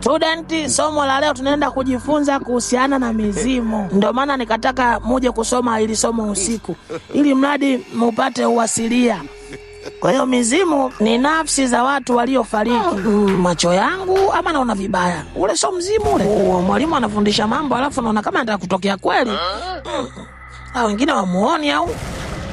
Studenti, somo la leo tunaenda kujifunza kuhusiana na mizimu. Ndio maana nikataka muje kusoma ili somo usiku, ili mradi mupate uwasilia. Kwa hiyo mizimu ni nafsi za watu waliofariki. Macho yangu ama naona vibaya? Ule sio mzimu ule. Mwalimu anafundisha mambo alafu naona kama anataka kutokea kweli. Ah. Ah, wengine wamuoni au?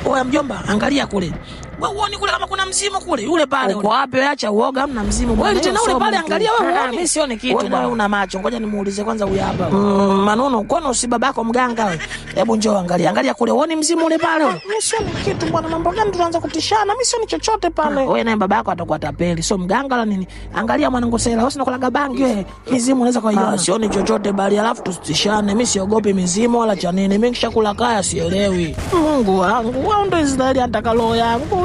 Oya mjomba, angalia kule wewe uone kule kama kuna mzimu kule. Yule pale. Uko wapi? Acha uoga, hamna mzimu bwana. Wewe tena yule pale angalia wewe uone. Ah, mimi sioni kitu. bwana. Wewe una macho. Ngoja nimuulize kwanza huyu hapa. Mm, Manono, kwani si babako mganga wewe? Hebu njoo angalia. Angalia kule uone mzimu ule pale. Ah, mimi sioni kitu bwana. Mambo gani tunaanza kutishana? Mimi sioni chochote pale. Ah, wewe naye babako atakuwa tapeli. Sio mganga la nini? Angalia mwanangu sela. Wewe unakulaga gabangi wewe. Mizimu unaweza kwa hiyo. Sioni chochote bali alafu tusitishane. Mimi siogopi mizimu wala cha nini. Mimi kishakula kaya sielewi. Mungu wangu, wewe ndio Israeli atakalo yangu.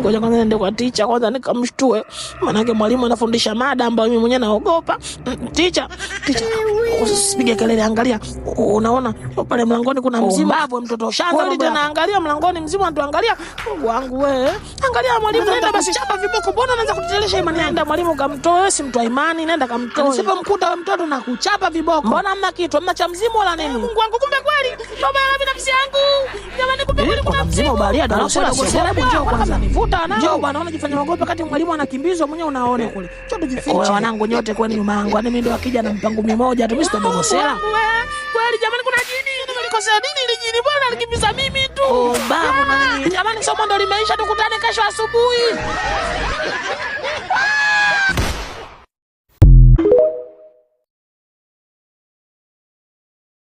Ngoja kwanza niende kwa ticha kwanza nikamshtue, maanake mwalimu anafundisha mada ambayo mimi mwenyewe naogopa. Mm, ticha, ticha usipige kelele, angalia, unaona pale mlangoni kuna oh, mzima hapo, mtoto shangali tena, angalia mlangoni mzima ndo angalia wangu wewe, angalia mwalimu, nenda basi chapa viboko, mbona anaanza kutetelesha imani? Nenda mwalimu, kamtoe, si mtu wa imani, nenda kamtoe, usipomkuta wewe mtoto na kuchapa viboko. Mbona hamna kitu, hamna cha mzimu wala nini? Eh, Mungu wangu, kumbe kweli baba ya rabi, nafsi yangu jamani, kumbe eh, kweli kuna mzimu balia, ndio njoo kwanza, nivuta nao, njoo bwana, unaona jifanya magopa wakati mwalimu anakimbizwa mwenyewe, unaona kule chote, jifiche wanangu nyote, kwani nyuma yangu, yani mimi ndio akija na mpango mmoja mtumishi, tumekosea kweli jamani, kuna jini. Nimelikosea nini ile jini bwana, alikimbiza mimi tu. Oh babu, ah, na nini jamani, somo ndo limeisha, tukutane kesho asubuhi.